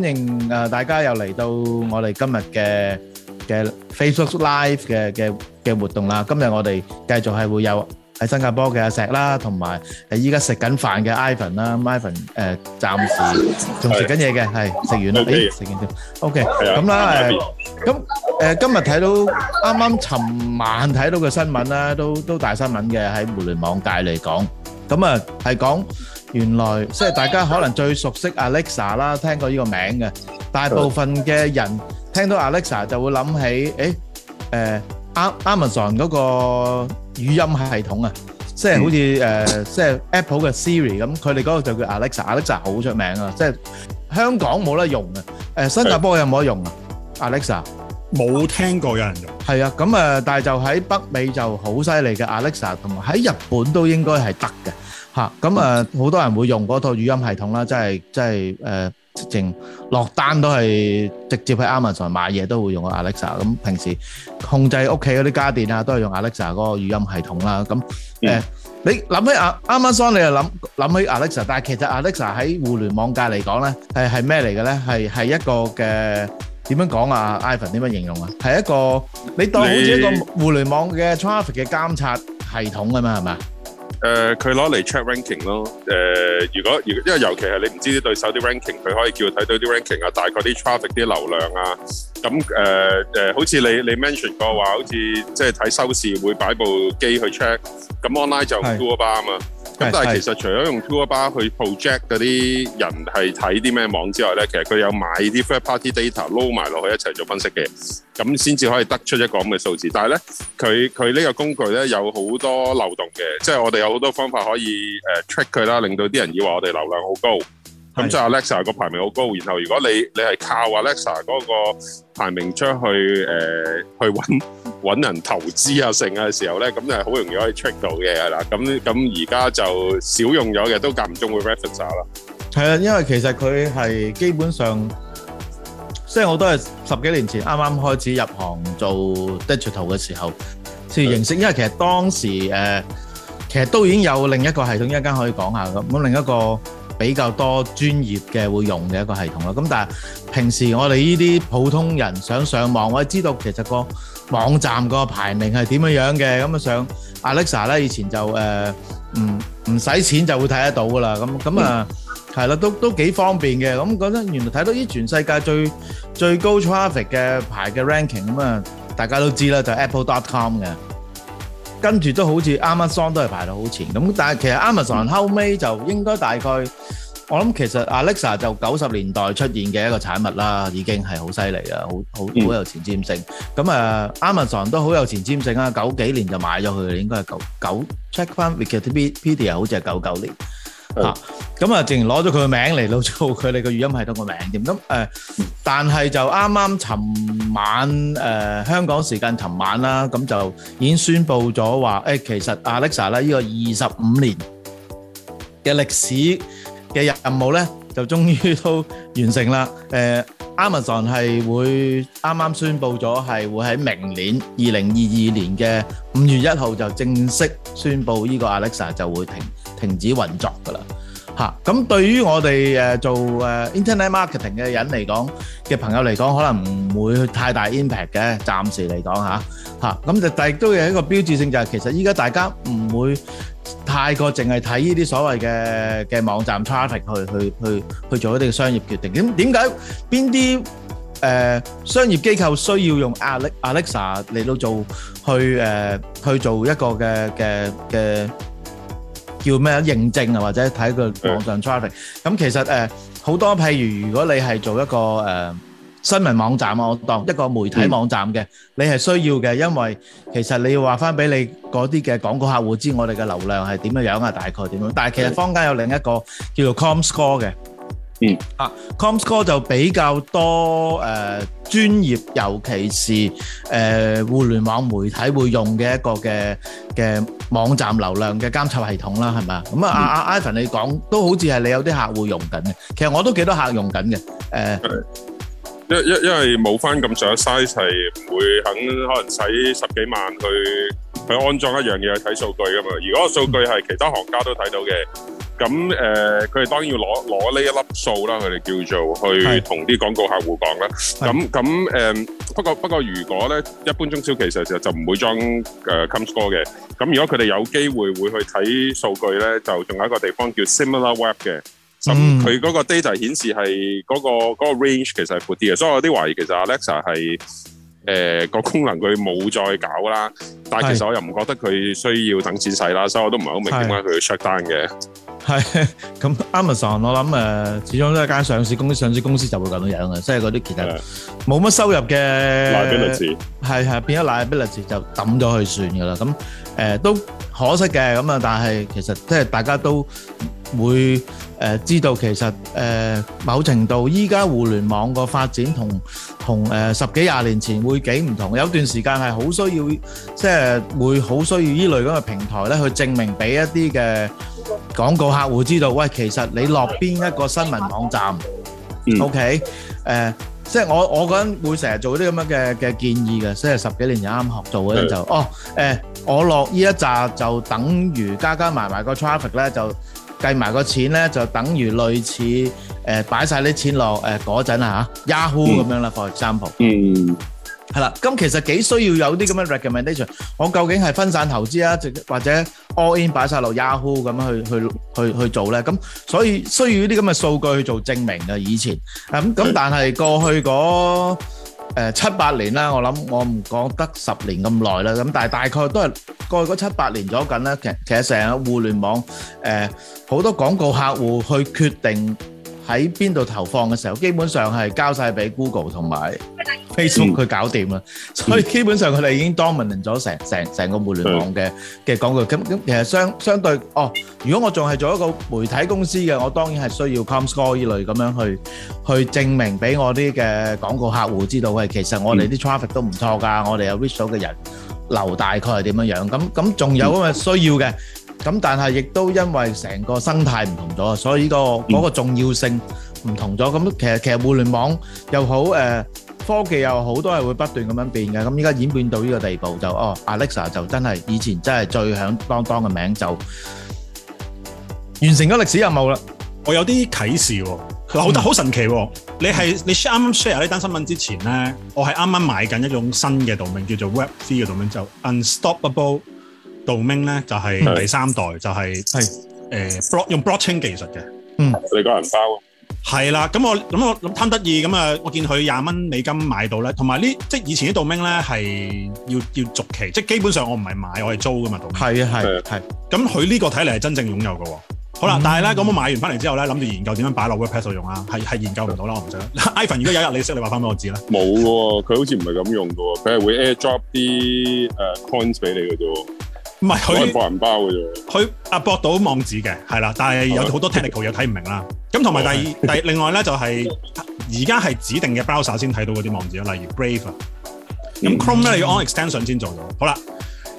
歡迎誒大家又嚟到我哋今日嘅嘅 Facebook Live 嘅嘅嘅活動啦！今日我哋繼續係會有喺新加坡嘅阿石啦，同埋依家食緊飯嘅 Ivan 啦，Ivan 誒暫時仲食緊嘢嘅，係食完啦，誒食緊添，OK，咁啦誒，咁誒今日睇到啱啱尋晚睇到嘅新聞啦，都都大新聞嘅喺互聯網界嚟講，咁啊係講。原來即係大家可能最熟悉 Alexa 啦，聽過呢個名嘅。大部分嘅人聽到 Alexa 就會諗起，誒誒，Am Amazon 嗰個語音系統啊，即係好似誒，即係 Apple 嘅 Siri 咁，佢哋嗰個就叫 Alexa，Alexa 好出名啊。即係香港冇得用啊，誒新加坡有冇得用啊？Alexa 冇聽過有人用。係啊，咁誒，但係就喺北美就好犀利嘅 Alexa，同埋喺日本都應該係得嘅。咁、啊、誒，好、嗯、多人會用嗰套語音系統啦，即係即係直情落單都係直接喺 Amazon 買嘢都會用個 Alexa。咁平時控制屋企嗰啲家電啊，都係用 Alexa 嗰個語音系統啦。咁、呃嗯、你諗起 Amazon 你又諗諗起 Alexa，但係其實 Alexa 喺互聯網界嚟講咧，係係咩嚟嘅咧？係係一個嘅點樣講啊？Ivan 點樣形容啊？係一個你當好似一個互聯網嘅 traffic 嘅監察系統啊嘛，係、嗯、咪？誒佢攞嚟 check ranking 咯，誒、呃、如果如因為尤其係你唔知啲對手啲 ranking，佢可以叫睇到啲 ranking 啊，大概啲 traffic 啲流量啊，咁誒誒好似你你 mention 過話，好似即係睇收視會擺部機去 check，咁 online 就 Google 啊嘛。咁但係其實除咗用 Toolbar 去 project 嗰啲人係睇啲咩網之外咧，其實佢有買啲 Third Party Data 撈埋落去一齊做分析嘅，咁先至可以得出一個咁嘅數字。但係咧，佢佢呢個工具咧有好多漏洞嘅，即係我哋有好多方法可以 track 佢啦，令到啲人以為我哋流量好高。咁即係 Alexa 個排名好高，然後如果你你係靠 Alexa 嗰個排名出去誒，去揾揾人投資啊、剩啊嘅時候咧，咁你係好容易可以 check 到嘅係啦。咁咁而家就少用咗嘅，都間唔中會 refresh 啦。係啊，因為其實佢係基本上，即係我都係十幾年前啱啱開始入行做 digital 嘅時候先認識，因為其實當時誒，其實都已經有另一個系統一間可以講下咁，咁另一個。比較多專業嘅會用嘅一個系統咯，咁但係平時我哋呢啲普通人想上網，我哋知道其實個網站個排名係點樣樣嘅，咁啊上 Alexa 咧，以前就誒唔唔使錢就會睇得到噶啦，咁咁啊係啦，都都幾方便嘅，咁覺得原來睇到依全世界最最高 traffic 嘅排嘅 ranking，咁啊大家都知啦，就 Apple.com 嘅。跟住都好似 Amazon 都係排到好前咁，但係其實 Amazon 後尾就應該大概，我諗其實 Alexa 就九十年代出現嘅一個產物啦，已經係好犀利啦，好好好有前瞻性。咁、嗯、啊，Amazon 都好有前瞻性啊，九幾年就買咗佢，應該係九九 check 翻 Wikipedia 好似係九九年。啊，咁啊，竟然攞咗佢嘅名嚟到做佢哋嘅語音系統嘅名點咁誒？但係就啱啱尋晚誒，香港時間尋晚啦，咁就已經宣布咗話誒，其實 Alexa 咧呢個二十五年嘅歷史嘅任任務咧，就終於都完成啦。誒，Amazon 係會啱啱宣布咗，係會喺明年二零二二年嘅五月一號就正式宣布呢個 Alexa 就會停。停止運作㗎啦，嚇！咁對於我哋誒做誒 internet marketing 嘅人嚟講嘅朋友嚟講，可能唔會太大 impact 嘅，暫時嚟講嚇嚇。咁就但係亦都有一個標誌性，就係其實依家大家唔會太過淨係睇呢啲所謂嘅嘅網站 traffic 去去去去做一啲嘅商業決定。咁點點解邊啲誒商業機構需要用 Alex Alexa 嚟到做去誒去做一個嘅嘅嘅？叫咩啊，認證啊或者睇佢網上 traffic，咁、嗯、其實誒好、呃、多譬如如果你係做一個誒、呃、新聞網站啊，我當一個媒體網站嘅，你係需要嘅，因為其實你要話翻俾你嗰啲嘅廣告客戶知我哋嘅流量係點樣樣啊，大概點樣，但係其實坊間有另一個叫做 ComScore 嘅。嗯啊，Comscore mm -hmm. ah, 就比較多誒、呃、專業，尤其是誒、呃、互聯網媒體會用嘅一個嘅嘅網站流量嘅監測系統啦，係咪？咁啊，阿阿 uh, uh, mm -hmm. uh, Ivan 你講，佢安裝一樣嘢去睇數據㗎嘛？如果個數據係其他行家都睇到嘅，咁誒佢哋當然要攞攞呢一粒數啦。佢哋叫做去同啲廣告客戶講啦。咁咁誒不過不過，如果咧一般中小企業就就唔會裝誒 ComScore 嘅。咁如果佢哋有機會會去睇數據咧，就仲有一個地方叫 Similar Web 嘅。咁佢嗰個 data 顯示係嗰個嗰個 range 其實係闊啲嘅，所以我啲懷疑其實 Alexa 係誒個功能佢冇再搞啦。但係其實我又唔覺得佢需要等錢使啦，所以我都唔係好明點解佢要出單嘅。係咁，Amazon 我諗誒，始終都係間上市公司，上市公司就會咁樣樣嘅，即係嗰啲其實冇乜收入嘅。liability，係係變咗 liability 就抌咗去算㗎啦。咁誒都可惜嘅咁啊，但係其實即係大家都會。誒知道其實誒某程度依家互聯網個發展同同誒十幾廿年前會幾唔同，有段時間係好需要，即係會好需要依類咁嘅平台咧，去證明俾一啲嘅廣告客戶知道，喂，其實你落邊一個新聞網站，OK？誒，即係我我嗰陣會成日做啲咁樣嘅嘅建議嘅，即係十幾年前啱啱學做嘅就，哦，誒，我落依一紮就等於加加埋埋個 traffic 咧就。計埋個錢咧，就等於類似誒擺晒啲錢落誒嗰陣啊 Yahoo 咁樣啦，for example。嗯，係啦，咁其實幾需要有啲咁嘅 recommendation，我究竟係分散投資啊，或者 all in 擺晒落 Yahoo 咁樣去去去去做咧？咁所以需要啲咁嘅數據去做證明嘅，啊。以前咁咁、嗯，但係過去嗰七八年啦，我諗我唔講得十年咁耐啦，咁但係大概都係過去嗰七八年左近啦，其實成個互聯網誒好、呃、多廣告客戶去決定喺邊度投放嘅時候，基本上係交晒俾 Google 同埋，Facebook 佢搞掂啦，所以基本上佢哋已經 dominating 咗成成成個互聯網嘅嘅廣告。咁咁其實相相對，哦，如果我仲係做一個媒體公司嘅，我當然係需要 com score 呢類咁樣去去證明俾我啲嘅廣告客戶知道，喂，其實我哋啲 traffic 都唔錯㗎，我哋有 reach 嘅人流大概係點樣樣。咁咁仲有咁嘅需要嘅。咁但係亦都因為成個生態唔同咗，所以呢個嗰個重要性唔同咗。咁其實其實互聯網又好誒。科技又好多係會不斷咁樣變嘅，咁依家演變到呢個地步就哦，Alexa 就真係以前真係最響噹噹嘅名就完成咗歷史任務啦！我有啲啟示，佢好得好神奇喎、嗯！你係你啱啱 share 呢單新聞之前咧，我係啱啱買緊一種新嘅域名叫做 Web Three 嘅域名就 Unstoppable 域名咧就係第三代、嗯、就係係誒用 Blockchain 技術嘅，嗯，你個銀包。係啦，咁我諗我諗貪得意，咁啊，我見佢廿蚊美金買到咧，同埋呢即係以前啲 domain 咧係要要續期，即係基本上我唔係買，我係租噶嘛，domain。係啊，係啊，係。咁佢呢個睇嚟係真正擁有嘅。好啦、嗯，但係咧，咁我買完翻嚟之後咧，諗住研究點樣擺落 WebPuzzle 用啊，係係研究唔到啦，我唔想。iPhone，如果有日你識，你話翻俾我知啦。冇喎、啊，佢好似唔係咁用嘅，佢係會 AirDrop 啲誒、uh, coins 俾你嘅啫。唔係佢。攞銀包嘅啫。佢啊博到網址嘅，係啦，但係有好多 technical 又睇唔明啦。咁同埋第二第另外咧就係而家係指定嘅 browser 先睇到嗰啲網址，例如 Brave 啊。咁、嗯、Chrome 咧你要 on extension 先做到、嗯。好啦，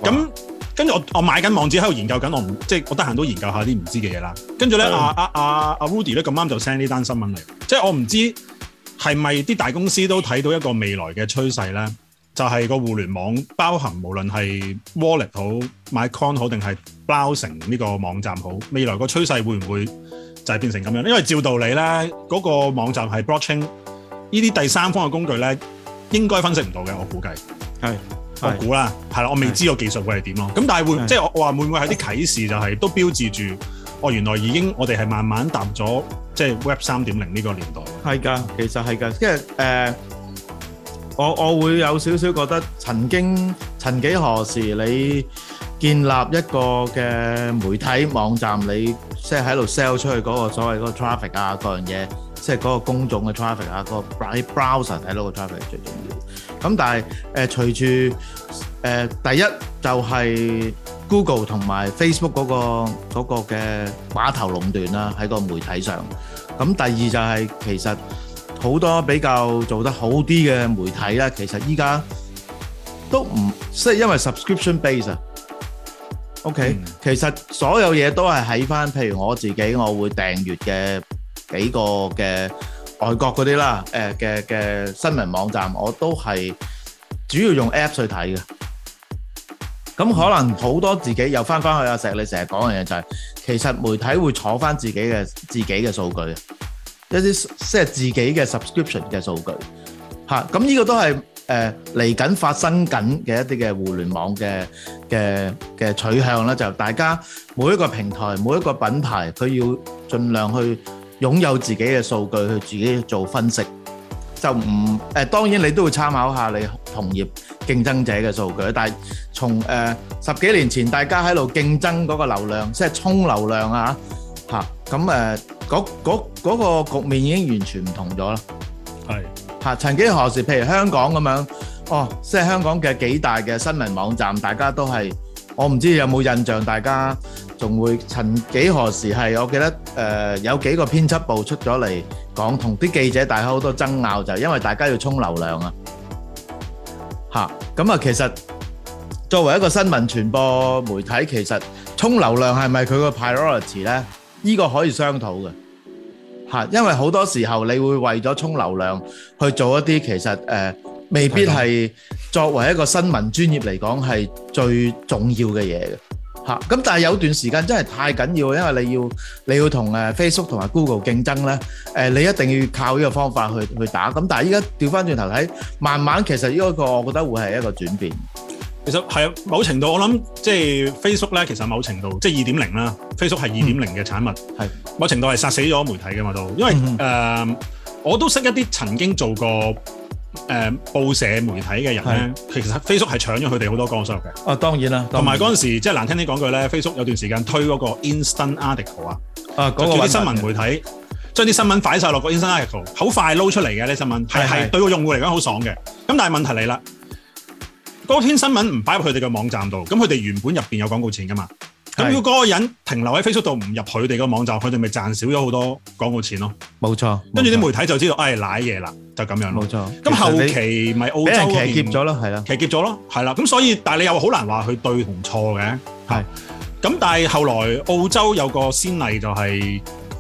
咁跟住我我買緊網址喺度研究緊，我唔即係我得閒都研究下啲唔知嘅嘢啦。跟住咧阿阿阿阿 Rudy 咧咁啱就 send 呢單新聞嚟，即係我唔知係咪啲大公司都睇到一個未來嘅趨勢咧，就係、是、個互聯網包含無論係 Wallet 好買 coin 好定係 browse 呢個網站好，未來個趨勢會唔會？就變成咁樣，因為照道理咧，嗰個網站係 blockchain，依啲第三方嘅工具咧應該分析唔到嘅，我估計。係，我估啦，係啦，我未知個技術會係點咯。咁但係會，即係我我話會唔會係啲啟示，就係都標誌住，哦原來已經我哋係慢慢踏入咗即係 Web 三點零呢個年代。係噶，其實係噶，即係誒，我我會有少少覺得，曾經曾幾何時你建立一個嘅媒體網站你？即係喺度 sell 出去嗰個所謂嗰個 traffic 啊，各樣嘢，即係嗰個公眾嘅 traffic 啊，嗰、嗰個 browser 睇到嘅 traffic 係最重要的。咁但係誒、呃，隨住、呃、第一就係、係、Google 同埋 Facebook 嗰、嗰個嘅寡、嗰個、頭壟斷啦、啊，喺個媒體上。咁第二就係、係、其實好多比較做得好啲嘅媒體咧，其實依家都唔即係因為 subscription base 啊。O.K.、嗯、其實所有嘢都係喺翻，譬如我自己，我會訂閱嘅幾個嘅外國嗰啲啦，誒嘅嘅新聞網站，我都係主要用 App 去睇嘅。咁可能好多自己又翻翻去阿石，你成日講嘅嘢就係、是，其實媒體會坐翻自己嘅自己嘅數據，一啲即係自己嘅 subscription 嘅數據嚇。咁、啊、呢個都係。誒，嚟緊發生緊嘅一啲嘅互聯網嘅嘅嘅取向咧，就大家每一個平台、每一個品牌，佢要盡量去擁有自己嘅數據去自己做分析，就唔誒，當然你都要參考下你同業競爭者嘅數據，但係從誒十幾年前大家喺度競爭嗰個流量，即係沖流量啊嚇，咁誒嗰嗰嗰個局面已經完全唔同咗啦，係。吓！曾幾何時，譬如香港咁樣，哦，即係香港嘅幾大嘅新聞網站，大家都係，我唔知有冇印象，大家仲會曾幾何時係，我記得誒，有幾個編輯部出咗嚟講，同啲記者大家好多爭拗，就係因為大家要衝流量啊！吓！咁啊，其實作為一個新聞傳播媒體，其實衝流量係咪佢個 priority 咧？呢個可以商討嘅。吓，因為好多時候你會為咗衝流量去做一啲其實、呃、未必係作為一個新聞專業嚟講係最重要嘅嘢嘅吓。咁但係有段時間真係太緊要了，因為你要你要同 Facebook 同埋 Google 競爭咧、呃，你一定要靠呢個方法去去打。咁但係依家掉翻轉頭睇，慢慢其實呢一個我覺得會係一個轉變。其實係啊，某程度我諗即係 Facebook 咧，其實某程度即係二點零啦。嗯、Facebook 係二點零嘅產物，某程度係殺死咗媒體嘅嘛都，因為誒、嗯呃、我都識一啲曾經做過誒、呃、報社媒體嘅人咧，其實 Facebook 係搶咗佢哋好多廣告收入嘅。啊當然啦，同埋嗰陣時即係難聽啲講句咧，Facebook 有段時間推嗰個 Instant Article 啊，將、那、啲、個、新聞媒體將啲、啊那個、新聞擺晒落個 Instant Article，好快撈出嚟嘅呢新聞，係係對個用戶嚟講好爽嘅。咁但係問題嚟啦。嗰篇新聞唔擺入佢哋嘅網站度，咁佢哋原本入邊有廣告錢㗎嘛？咁如果嗰個人停留喺 Facebook 度唔入佢哋嘅網站，佢哋咪賺少咗好多廣告錢咯。冇錯，跟住啲媒體就知道，哎，瀨嘢啦，就咁樣冇錯，咁後期咪澳洲俾人騎劫咗咯，係啦，騎劫咗咯，係啦，咁所以，但係你又好難話佢對同錯嘅，係。咁但係後來澳洲有個先例就係、是。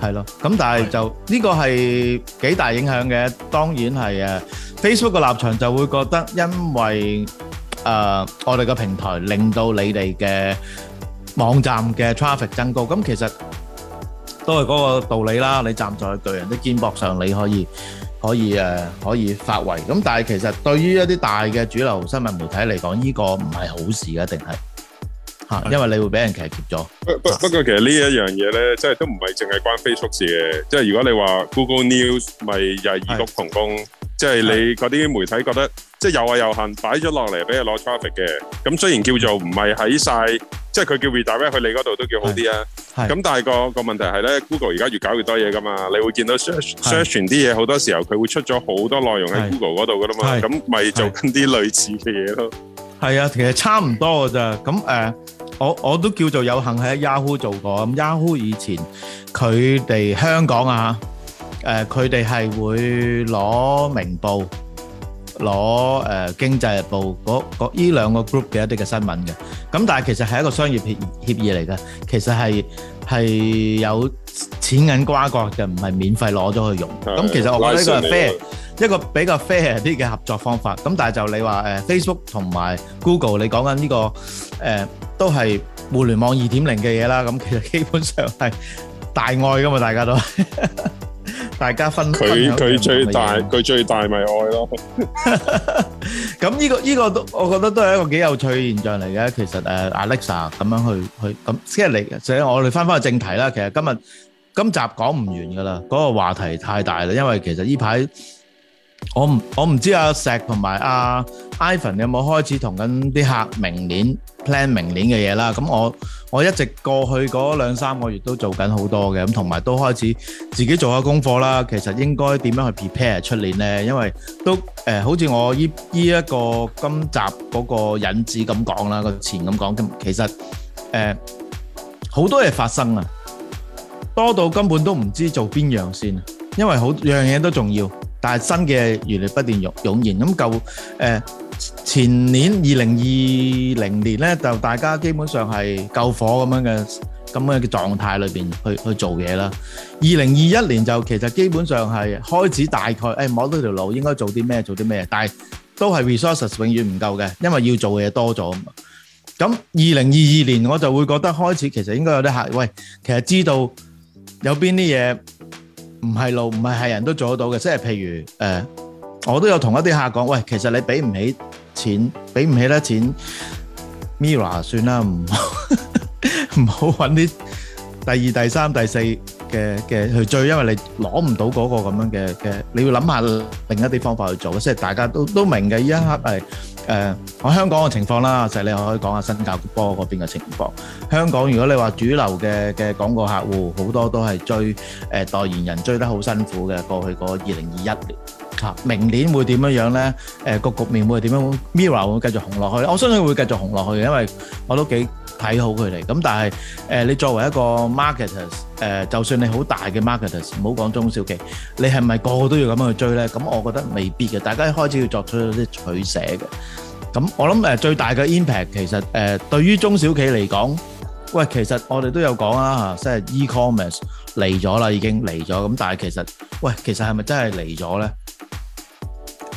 係咯，咁但係就呢個係幾大影響嘅，當然係誒 Facebook 個立場就會覺得，因為誒我哋個平台令到你哋嘅網站嘅 traffic 增高，咁其實都係嗰個道理啦。你站在巨人的肩膊上，你可以可以誒可以發圍。咁但係其實對於一啲大嘅主流新聞媒體嚟講，呢個唔係好事嘅，一定係？吓，因為你會俾人騎劫咗。不不不過其實呢一樣嘢咧，即係都唔係淨係關 Facebook 事嘅。即係如果你話 Google News 咪又係異曲同工，即係你嗰啲媒體覺得即係又愛又恨，擺咗落嚟俾人攞 traffic 嘅。咁雖然叫做唔係喺晒，即係佢叫 redirect 去你嗰度都叫好啲啊。咁但係個個問題係咧，Google 而家越搞越多嘢噶嘛，你會見到 search search 啲嘢好多時候佢會出咗好多內容喺 Google 嗰度噶啦嘛，咁咪做緊啲類似嘅嘢咯。係啊，其實差唔多噶咋。咁誒。我我都叫做有幸喺 Yahoo 做過，咁 Yahoo 以前佢哋香港啊，誒佢哋係會攞明報攞誒經濟日報嗰嗰呢兩個 group 嘅一啲嘅新聞嘅，咁但係其實係一個商業協協議嚟嘅，其實係係有錢銀瓜葛嘅，唔係免費攞咗去用。咁其實我覺得呢個係一個 fair、一個比較 fair 啲嘅合作方法。咁但係就你話誒 Facebook 同埋 Google，你講緊呢個誒？都係互聯網二點零嘅嘢啦，咁其實基本上係大愛㗎嘛，大家都，大家分佢，佢最大佢最大咪愛咯。咁呢個呢個都我覺得都係一個幾有趣嘅現象嚟嘅。其實誒 Alexa 咁樣去去咁，即係嚟，所以我哋翻返去正題啦。其實今日今集講唔完㗎喇，嗰個話題太大啦，因為其實呢排。我唔我唔知阿、啊、石同埋阿 Ivan 有冇開始同緊啲客明年 plan 明年嘅嘢啦。咁我我一直過去嗰兩三個月都做緊好多嘅，咁同埋都開始自己做下功課啦。其實應該點樣去 prepare 出年呢？因為都誒、呃，好似我呢一個今集嗰個引子咁講啦，個前咁講咁，其實誒好、呃、多嘢發生啊，多到根本都唔知做邊樣先，因為好樣嘢都重要。但係新嘅原來不斷湧湧現，咁舊誒前年二零二零年咧，就大家基本上係救火咁樣嘅咁樣嘅狀態裏邊去去做嘢啦。二零二一年就其實基本上係開始大概誒摸到條路，應該做啲咩，做啲咩，但係都係 resources 永遠唔夠嘅，因為要做嘅嘢多咗。咁二零二二年我就會覺得開始其實應該有啲客，喂，其實知道有邊啲嘢。唔係路，唔係係人都做得到嘅，即係譬如誒，我都有同一啲客講，喂，其實你俾唔起錢，俾唔起得錢，Mirror 算啦，唔好唔好揾啲第二、第三、第四嘅嘅去追，因為你攞唔到嗰個咁樣嘅嘅，你要諗下另一啲方法去做嘅，即係大家都都明嘅依一刻係。誒，我香港嘅情況啦，就係你可以講下新加坡嗰邊嘅情況。香港如果你話主流嘅嘅廣告客戶，好多都係追、呃、代言人，追得好辛苦嘅。過去嗰二零二一年。明年會點樣樣呢？誒、呃、個局面會點樣？Mirror 會，會繼續紅落去，我相信會繼續紅落去嘅，因為我都幾睇好佢哋。咁但係誒、呃，你作為一個 marketers，誒、呃、就算你好大嘅 marketers，唔好講中小企，你係咪個個都要咁樣去追呢？咁我覺得未必嘅，大家開始要作出一啲取捨嘅。咁我諗最大嘅 impact 其實誒、呃、對於中小企嚟講，喂，其實我哋都有講啦嚇，即係 e-commerce 嚟咗啦，已經嚟咗咁，但係其實喂，其實係咪真係嚟咗呢？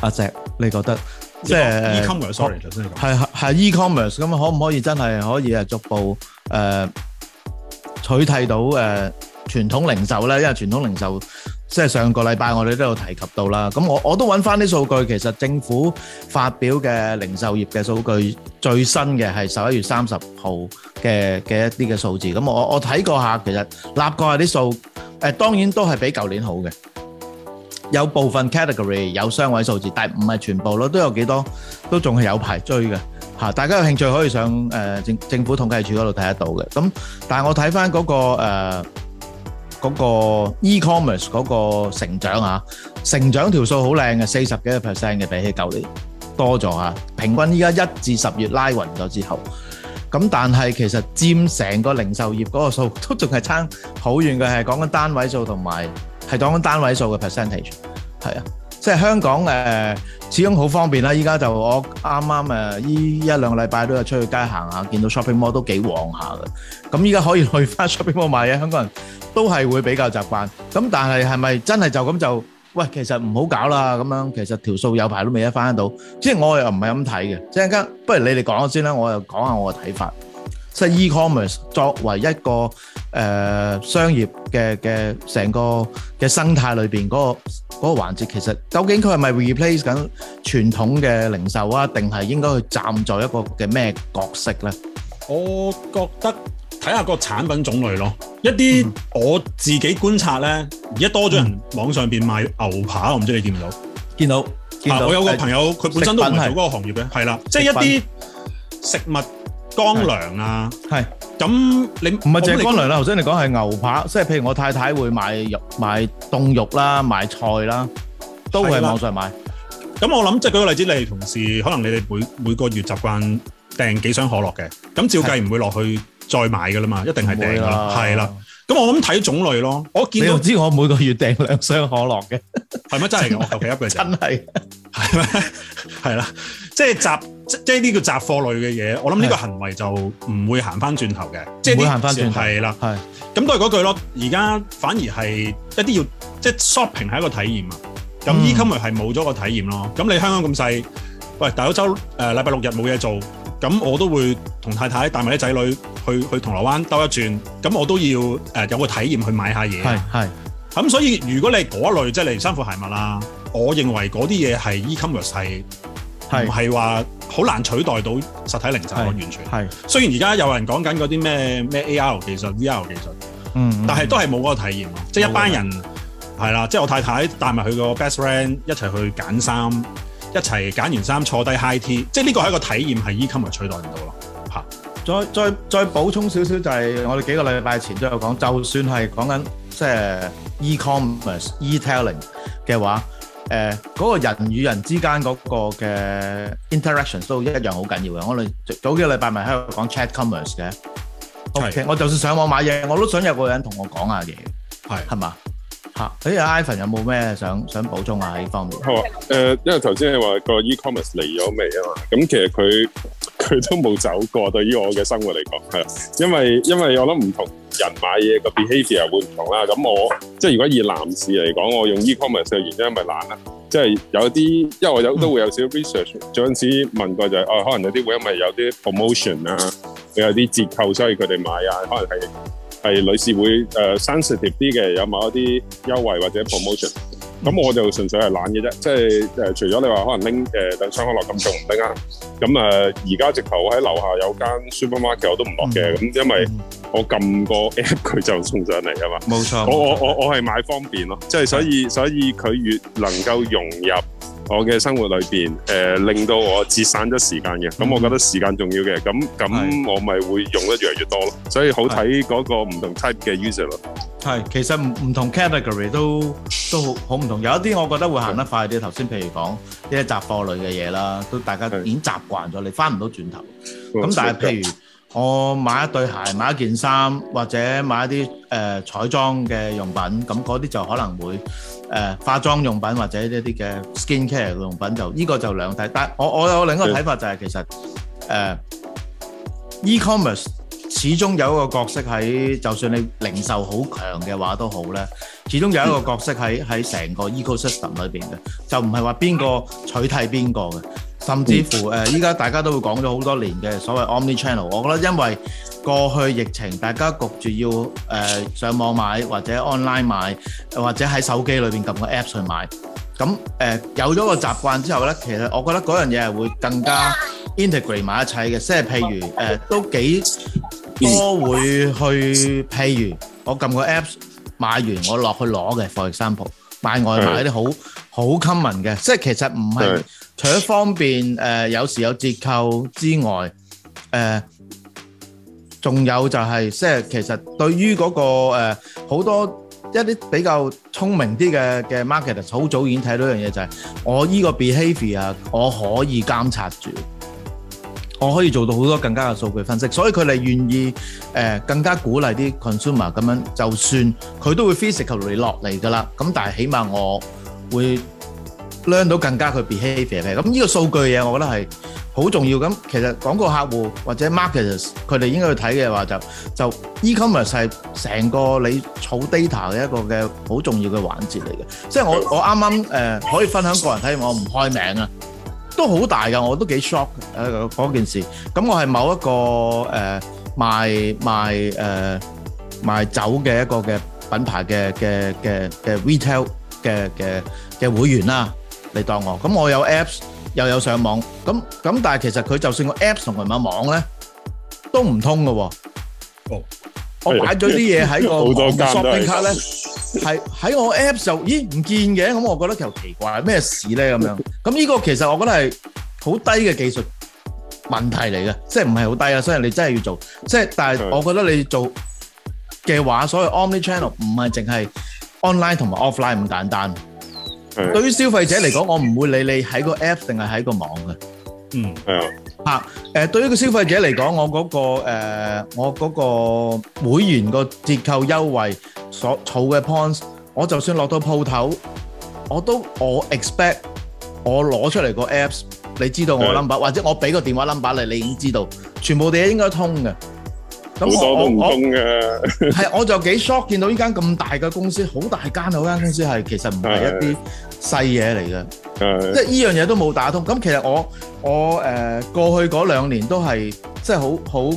阿石，你覺得即係係係 e-commerce 咁啊？可唔可以真係可以係逐步誒取替到誒傳統零售呢？因為傳統零售即係上個禮拜我哋都有提及到啦。咁我我都揾返啲數據，其實政府發表嘅零售業嘅數據最新嘅係十一月三十號嘅嘅一啲嘅數字。咁我我睇過下，其實立個係啲數誒，當然都係比舊年好嘅。有部分 category 有雙位數字，但唔係全部囉，都有幾多都仲係有排追㗎。大家有興趣可以上誒政政府統計處嗰度睇得到嘅。咁但係我睇返嗰個誒嗰個 e-commerce 嗰個成長啊，成長條數好靚嘅，四十幾個 percent 嘅比起舊年多咗啊。平均依家一至十月拉勻咗之後，咁但係其實佔成個零售業嗰個數都仲係差好遠嘅，係講緊單位數同埋。係講緊單位數嘅 percentage，係啊，即係香港誒、呃、始終好方便啦。依家就我啱啱誒依一,一兩個禮拜都有出去街行下，見到 shopping mall 都幾旺下㗎。咁依家可以去返 shopping mall 買嘢，香港人都係會比較習慣。咁、嗯、但係係咪真係就咁就喂，其實唔好搞啦咁樣。其實條數有排都未必翻得到。即係我又唔係咁睇嘅。即係陣間，不如你哋講先啦，我又講下我嘅睇法。即係 e-commerce，作為一個，誒，商業嘅嘅成個嘅生態裏邊嗰個嗰個環節，其實究竟佢係咪 replace 緊傳統嘅零售啊，定係應該去站在一個嘅咩角色咧？乾糧啊，係咁的你唔係淨乾糧啦，頭先、啊、你講說係牛扒，即係的譬如我太太會買肉、買凍肉啦、買菜啦，都會喺網上買。咁我諗即係舉個例子，你哋同事可能你哋每每個月習慣訂幾箱可樂嘅，咁照計唔會落去再買噶啦嘛，的一定係訂啦，係啦的。的咁我諗睇種類咯，我見到知我每個月訂兩箱可樂嘅，係咪真係嘅？我求其一句真係，係咪？係 啦是嗎，即 係雜即係呢叫雜貨類嘅嘢，我諗呢個行為就唔會行翻轉頭嘅，即係、就是、會行翻轉係啦，係。咁都係嗰句咯，而家反而係一啲要即係、就是、shopping 係一個體驗啊，咁 ecommerce 係冇咗個體驗咯。咁你香港咁細，喂，大休周誒禮拜六日冇嘢做，咁我都會同太太帶埋啲仔女。去去銅鑼灣兜一轉，咁我都要、呃、有個體驗去買下嘢。係係咁，所以如果你係嗰類即係例如衫褲鞋襪啦，我認為嗰啲嘢係 e-commerce 係唔係話好難取代到實體零售完全。係雖然而家有人講緊嗰啲咩咩 AR 技術、VR 技術，嗯，嗯但係都係冇嗰個體驗，即、嗯、係、就是、一班人係啦，即、嗯、係、就是、我太太帶埋佢個 best friend 一齊去揀衫，一齊揀完衫坐低 high tea，即係呢個係一個體驗係 e-commerce 取代唔到咯。再再再補充少少就係我哋幾個禮拜前都有講，就算係講緊即係 e-commerce、e-tailing 嘅話，誒、呃、嗰、那個、人與人之間嗰個嘅 interaction 都一樣好緊要嘅。我哋早幾個禮拜咪喺度講 chat commerce 嘅，OK。我就算上網買嘢，我都想有個人同我講下嘢，係係嘛？睇下以 Ivan 有冇咩想想補充下呢方面？係啊、呃，因為頭先你話個 e-commerce 嚟咗未啊嘛，咁其實佢佢都冇走過。對於我嘅生活嚟講，係，因為因為我諗唔同人買嘢個 behavior 會唔同啦。咁我即係如果以男士嚟講，我用 e-commerce 嘅原因係咪懶啊？即係有啲，因為我也有都會有少少 research，有陣時問過就係哦，可能有啲會因為有啲 promotion 啊，有啲折扣，所以佢哋買啊，可能係。係女士會誒 sensitive 啲嘅，有某一啲優惠或者 promotion，咁我就純粹係懶嘅啫，即係誒除咗你話可能拎誒等雙方落咁，就唔拎啊，咁誒而家直頭喺樓下有間 supermarket 我都唔落嘅，咁、嗯、因為我撳個 app 佢就送上嚟啊嘛，冇、嗯、錯，我錯我我我係買方便咯，即、就、係、是、所以所以佢越能夠融入。我嘅生活裏邊，誒、呃、令到我節省咗時間嘅，咁我覺得時間重要嘅，咁咁我咪會用得越嚟越多咯。所以好睇嗰個唔同 type 嘅 user 咯。係，其實唔同 category 都都好唔同，有一啲我覺得會行得快啲。頭先譬如講呢啲雜貨類嘅嘢啦，都大家已經習慣咗，你翻唔到轉頭。咁但係譬如我買一對鞋，買一件衫，或者買一啲誒、呃、彩妝嘅用品，咁嗰啲就可能會。誒、呃、化妝用品或者一啲嘅 skin care 用品就呢、這個就兩睇，但係我我有另一個睇法就係、是、其實誒、呃、e-commerce 始終有一個角色喺，就算你零售好強嘅話都好咧，始終有一個角色喺喺成個 ecosystem 裏邊嘅，就唔係話邊個取替邊個嘅，甚至乎誒依家大家都會講咗好多年嘅所謂 omni channel，我覺得因為。過去疫情，大家焗住要誒上網買或者 online 買，或者喺手機裏邊撳個 app 去買。咁誒有咗個習慣之後呢，其實我覺得嗰樣嘢係會更加 integrate 埋一齊嘅。即係譬如誒都幾多會去，譬如我撳個 app 買完，我落去攞嘅 for example，買外賣呢啲好好 common 嘅。即係其實唔係除咗方便誒，有時有折扣之外，誒。仲有就係即係其實對於嗰、那個誒好、呃、多一啲比較聰明啲嘅嘅 market，好早已經睇到一樣嘢，就係、是、我依個 behaviour 啊，我可以監察住，我可以做到好多更加嘅數據分析，所以佢哋願意誒、呃、更加鼓勵啲 consumer 咁樣，就算佢都會 physically 落嚟噶啦，咁但係起碼我會 learn 到更加佢 behaviour 嘅，咁呢個數據嘢我覺得係。好重要咁，其實廣告客戶或者 marketers 佢哋應該去睇嘅話就就 e-commerce 係成個你儲 data 嘅一個嘅好重要嘅環節嚟嘅。即係我我啱啱誒可以分享個人體驗，我唔開名啊，都好大噶，我都幾 shock 誒嗰件事。咁我係某一個誒賣賣誒賣酒嘅一個嘅品牌嘅嘅嘅嘅 retail 嘅嘅嘅會員啦嚟當我，咁我有 apps。又有上網咁咁，但係其實佢就算個 app 同埋網咧都唔通嘅喎。哦，我買咗啲嘢喺個網 shopping 卡咧，係喺我 app 就咦唔見嘅，咁我覺得其實奇怪，咩事咧咁樣？咁呢個其實我覺得係好低嘅技術問題嚟嘅，即係唔係好低啊，所以你真係要做。即係但係我覺得你做嘅話，所謂 omni channel 唔係淨係 online 同埋 offline 咁簡單。對於消費者嚟講，我唔會理你喺個 app 定係喺個網嘅。嗯，係啊。吓，誒，對於個消費者嚟講，我嗰、嗰個誒、呃，我嗰個會員個折扣優惠所儲嘅 points，我就算落到鋪頭，我都我 expect 我攞出嚟個 apps，你知道我 number，或者我俾個電話 number 你，你已經知道，全部嘢應該通嘅。咁我多都唔的我我係， 我就幾 shock 見到依這間咁這大嘅公司，好大間嗰間公司係，其實唔係一啲細嘢嚟嘅，即係呢樣嘢都冇打通。咁其實我我，呃、過去嗰兩年都係即係好好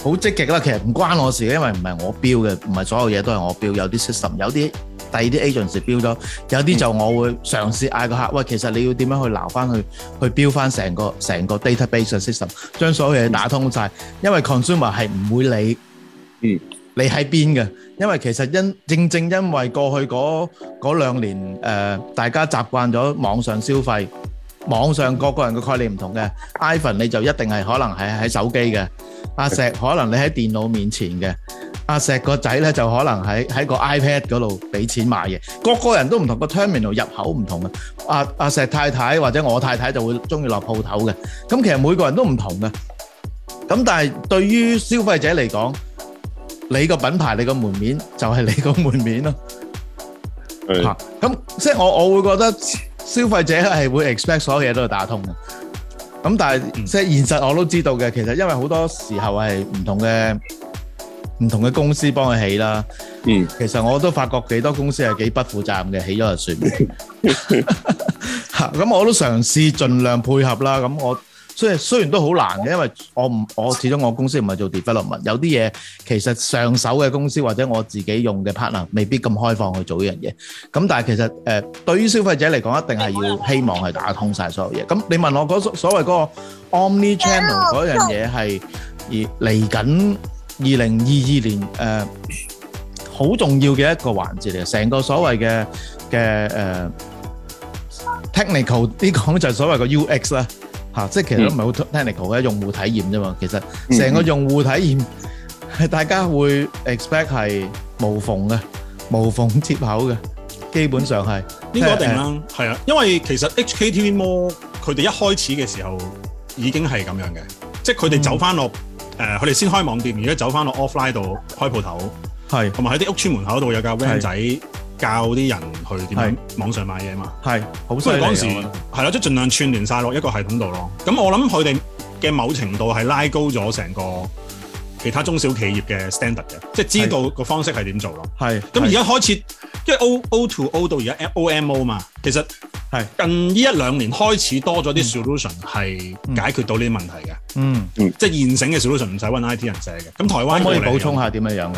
好積極啦，其實唔關我事，因為唔係我標嘅，唔係所有嘢都係我標，有啲 system，有啲第二啲 agency 標咗，有啲就我會嘗試嗌個客，喂，其實你要點樣去攬翻去，去標翻成個成個 database system，將所有嘢打通晒，因為 consumer 係唔會理，嗯，你喺邊嘅，因為其實因正正因為過去嗰嗰兩年，誒，大家習慣咗網上消費。網上各個人嘅概念唔同嘅, iPhone 你就一定係可能係喺手機嘅,阿石,可能你喺電腦面前嘅,呃,呃,消費者係會 expect 所有嘢都係打通嘅，咁但係即係現實我都知道嘅。其實因為好多時候係唔同嘅唔同嘅公司幫佢起啦，嗯。其實我都發覺幾多公司係幾不負責任嘅，起咗就算了。嚇！咁我都嘗試盡量配合啦。咁我。所以雖然都好難嘅，因為我唔我始終我公司唔係做 development，有啲嘢其實上手嘅公司或者我自己用嘅 partner 未必咁開放去做呢樣嘢。咁但係其實誒對於消費者嚟講，一定係要希望係打通曬所有嘢。咁你問我嗰所謂嗰 omni channel 嗰樣嘢係而嚟緊二零二二年誒好重要嘅一個環節嚟，成個所謂嘅嘅誒 technical 呢講就係所謂個 UX 啦。即係其實都唔係好 technical 嘅，用戶體驗啫嘛。其實成個用戶體驗係、嗯、大家會 expect 係無縫嘅，無縫接口嘅，基本上係呢、這個一定啦。係、呃、啊，因為其實 HKTVmall 佢哋一開始嘅時候已經係咁樣嘅，即係佢哋走翻落誒，佢、嗯、哋先開網店，而家走翻落 offline 度開鋪頭，係同埋喺啲屋村門口度有架 van 仔。教啲人去點樣網上買嘢嘛？係，好犀利。所以嗰陣時係啦，即係、就是、盡量串聯晒落一個系統度咯。咁我諗佢哋嘅某程度係拉高咗成個其他中小企業嘅 standard 嘅，即、就、係、是、知道個方式係點做咯。係。咁而家開始因為 O O to O 到而家 O M O 嘛，其實係近呢一兩年開始多咗啲 solution 係、嗯、解決到呢啲問題嘅。嗯即係、嗯就是、現成嘅 solution 唔使搵 I T 人寫嘅。咁台灣可，可以補充下點樣樣嘅？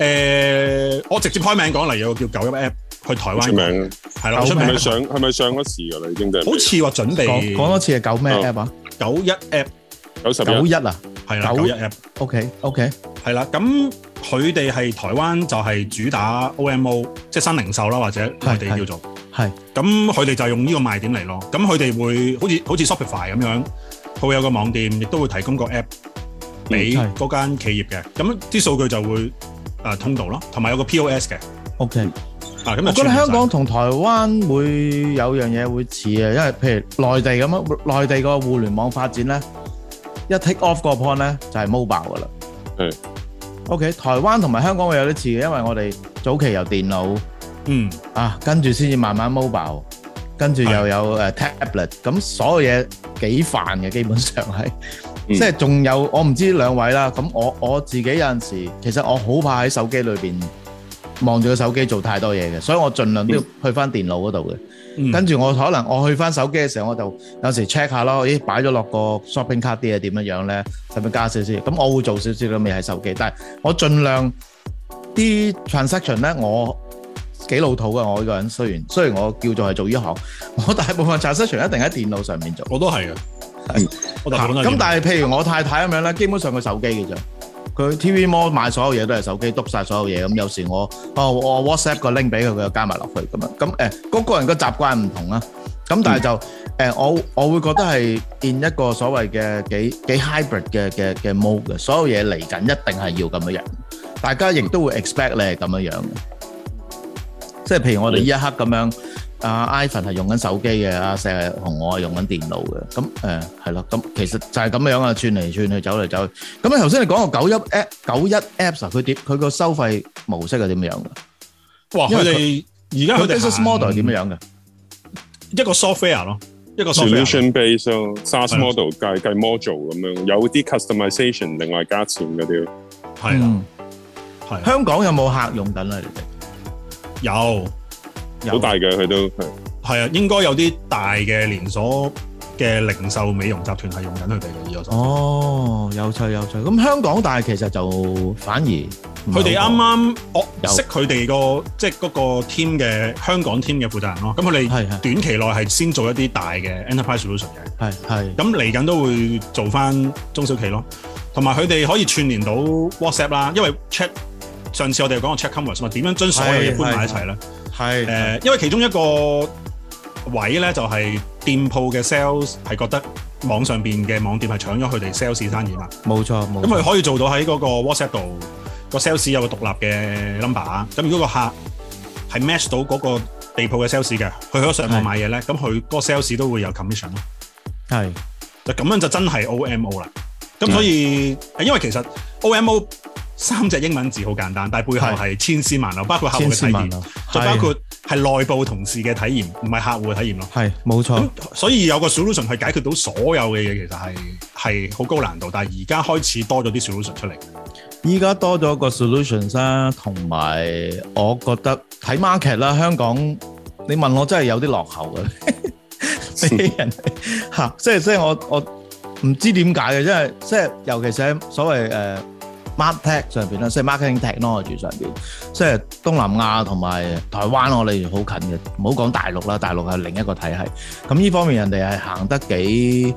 誒，我直接開名講嚟，有個叫九一 App 去台灣，出名，係咯，出名。係咪上係咪上咗市㗎啦？已經定？好似話準備講多次，係九咩 App 啊？九一 App，九十一啊，係啦，九一 App。OK，OK，係啦。咁佢哋係台灣就係主打 OMO，即係新零售啦，或者我哋叫做係。咁佢哋就用呢個賣點嚟咯。咁佢哋會好似好似 Shopify 咁樣，佢有個網店，亦都會提供個 App 俾嗰間企業嘅。咁啲數據就會。誒通道咯，同埋有個 POS 嘅。OK，啊咁啊，我覺得香港同台灣會有樣嘢會似嘅，因為譬如內地咁樣，內地個互聯網發展咧一 take off 個 point 咧就係 mobile 㗎喇。嗯。OK，台灣同埋香港會有啲似嘅，因為我哋早期由電腦，嗯，啊跟住先至慢慢 mobile，跟住又有誒 tablet，咁所有嘢幾煩嘅，基本上係。即係仲有，我唔知兩位啦。咁我我自己有陣時，其實我好怕喺手機裏邊望住個手機做太多嘢嘅，所以我盡量都要去翻電腦嗰度嘅。跟住我可能我去翻手機嘅時候，我就有時 check 下咯。咦，擺咗落個 shopping card 啲係點樣樣咧？使唔使加少少？咁我會做少少咯，未係手機。但係我盡量啲 transaction 咧，我幾老土嘅。我呢個人雖然雖然我叫做係做呢行，我大部分 transaction 一定喺電腦上面做。我都係啊。咁但係譬如我太太咁樣咧，基本上佢手機嘅啫，佢 TV Mall 買所有嘢都係手機，篤晒所有嘢。咁有時我哦我 WhatsApp 個 link 俾佢，佢又加埋落去咁樣。咁誒，個個人嘅習慣唔同啦。咁但係就誒，我我會覺得係 in 一個所謂嘅幾幾 hybrid 嘅嘅嘅 mode 嘅，所有嘢嚟緊一定係要咁樣樣。大家亦都會 expect 你係咁樣樣。即係譬如我哋呢一刻咁樣。阿 Ivan 係用緊手機嘅，阿石同我係用緊電腦嘅，咁誒係咯，咁其實就係咁樣啊，轉嚟轉去，走嚟走去。咁啊，頭先你講個九一 app，九一 apps 啊，佢點？佢個收費模式係點樣嘅？哇！因為佢而家佢 business model 係點樣嘅？一個 software 咯，一個 solution base 咯，saas model 計計 module 咁樣，有啲 customisation，另外加錢嗰啲，係啊，係。香港有冇客用緊啊？你哋有？好大嘅佢都係係啊，應該有啲大嘅連鎖嘅零售美容集團係用緊佢哋嘅呢個。2-3. 哦，有趣有趣。咁香港，但係其實就反而佢哋啱啱我識佢哋個即係嗰個 team 嘅香港 team 嘅負責人咯。咁佢哋短期內係先做一啲大嘅 enterprise solution 嘅。係係。咁嚟緊都會做翻中小企咯，同埋佢哋可以串連到 WhatsApp 啦，因為 chat 上次我哋講個 chat commerce 嘛，點樣將所有嘢搬埋一齊咧？係誒，因為其中一個位咧，就係店鋪嘅 sales 係覺得網上邊嘅網店係搶咗佢哋 sales 生意嘛。冇錯，冇。咁佢可以做到喺嗰個 WhatsApp 度，個 sales 有個獨立嘅 number。咁如果個客係 match 到嗰個地鋪嘅 sales 嘅，佢喺上面買嘢咧，咁佢嗰個 sales 都會有 commission 咯。係，就咁樣就真係 OMO 啦。咁所以，因為其實 OMO。三隻英文字好簡單，但係背後係千絲萬縷，包括客戶嘅體驗，再包括係內部同事嘅體驗，唔係客戶嘅體驗咯。係，冇錯，所以有個 solution 去解決到所有嘅嘢，其實係係好高難度，但係而家開始多咗啲 solution 出嚟。依家多咗個 solution 啦，啊，同埋我覺得睇 market 啦，香港你問我真係有啲落後㗎，啊，俾人嚇，即係即係我我唔知點解嘅，即係即係，尤其是喺所謂誒。呃 marketing 上面咧，即係 marketing technology 上面，即係東南亞同埋台灣，我哋好近嘅，唔好講大陸啦，大陸係另一個體系。咁呢方面人哋係行得幾，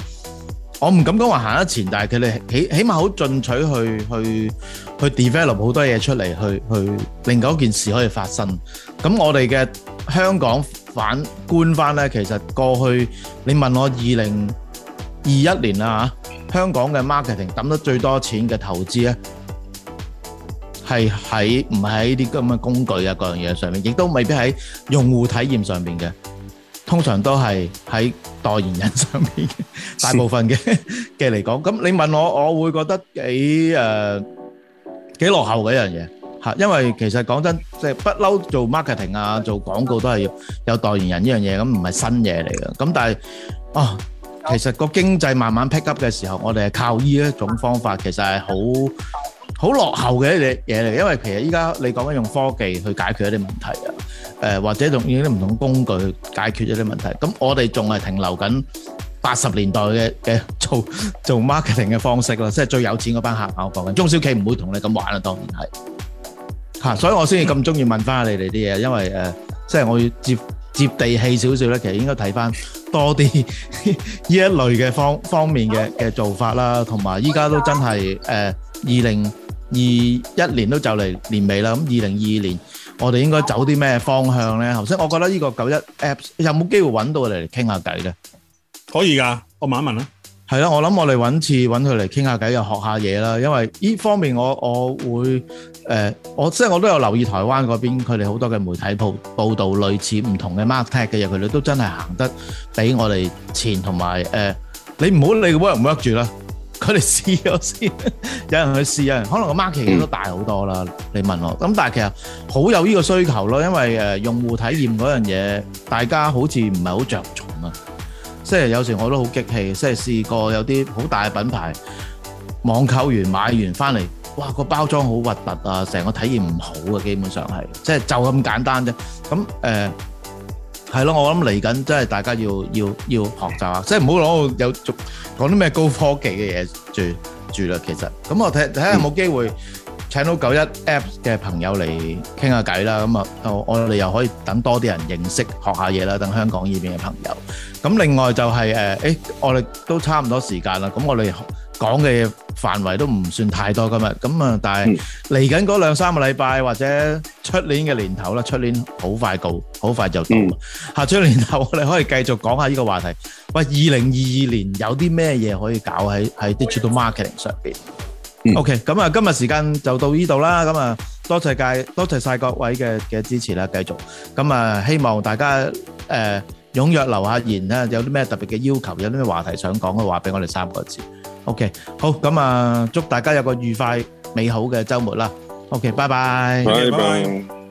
我唔敢講話行得前，但係佢哋起起碼好進取去去去 develop 好多嘢出嚟，去去令嗰件事可以發生。咁我哋嘅香港反觀翻咧，其實過去你問我二零二一年啦嚇，香港嘅 marketing 抌得最多錢嘅投資咧。係喺唔喺啲咁嘅工具啊，各樣嘢上面，亦都未必喺用戶體驗上面嘅。通常都係喺代言人上面，大部分嘅嘅嚟講。咁你問我，我會覺得幾誒幾落後嘅一樣嘢吓。因為其實講真，即係不嬲做 marketing 啊，做廣告都係要有代言人呢樣嘢，咁唔係新嘢嚟嘅。咁但係啊，其實個經濟慢慢 pick up 嘅時候，我哋係靠呢一種方法，其實係好好落後嘅嘢嘢嚟，因為其實依家你講緊用科技去解決一啲問題啊，誒或者用啲唔同工具去解決一啲問題，咁我哋仲係停留緊八十年代嘅嘅做做 marketing 嘅方式咯，即係最有錢嗰班客，我講緊中小企唔會同你咁玩啦，當然係嚇，所以我先至咁中意問翻你哋啲嘢，因為誒即係我要接接地氣少少咧，其實應該睇翻多啲呢一類嘅方方面嘅嘅做法啦，同埋依家都真係誒二零。二一年都就嚟年尾啦，咁二零二二年我哋應該走啲咩方向咧？頭先，我覺得呢個九一 Apps 有冇機會揾到嚟傾下偈咧？可以㗎，我問一問啦。係啦，我諗我哋揾次揾佢嚟傾下偈，又學下嘢啦。因為呢方面我我會誒，我即係我都有留意台灣嗰邊，佢哋好多嘅媒體報報導類似唔同嘅 market 嘅嘢，佢哋都真係行得比我哋前，同埋誒，你唔好你 work 唔 work 住啦。佢哋試咗先，有人去試，有人可能個 market 都大好多啦。你問我，咁但係其實好有呢個需求咯，因為誒用戶體驗嗰樣嘢，大家好似唔係好着重啊。即係有時我都好激氣，即係試過有啲好大嘅品牌，網購完買完翻嚟，哇個包裝好核突啊，成個體驗唔好啊，基本上係，即係就咁簡單啫。咁誒。呃係咯，我諗嚟緊真係大家要要要學習啊！即係唔好攞我有逐講啲咩高科技嘅嘢住住啦。其實咁我睇睇下有冇機會請到九一 Apps 嘅朋友嚟傾下偈啦。咁啊，我哋又可以等多啲人認識，學下嘢啦。等香港呢邊嘅朋友。咁另外就係，誒、誒、欸，我哋都差唔多時間啦。咁我哋。講嘅範圍都唔算太多今日，咁啊，但係嚟緊嗰兩三個禮拜或者出年嘅年頭啦，出年好快到，好快就到啦。嗯、下出年頭，我哋可以繼續講下呢個話題。喂，二零二二年有啲咩嘢可以搞喺喺 digital marketing 上邊？O K，咁啊，嗯、okay, 今日時間就到呢度啦。咁啊，多謝介，多謝晒各位嘅嘅支持啦。繼續，咁啊，希望大家誒踊躍留下言啊。有啲咩特別嘅要求，有啲咩話題想講嘅話，俾我哋三個字。O、okay, K，好，咁啊，祝大家有個愉快美好嘅周末啦。O K，拜拜，拜拜。Okay, bye bye.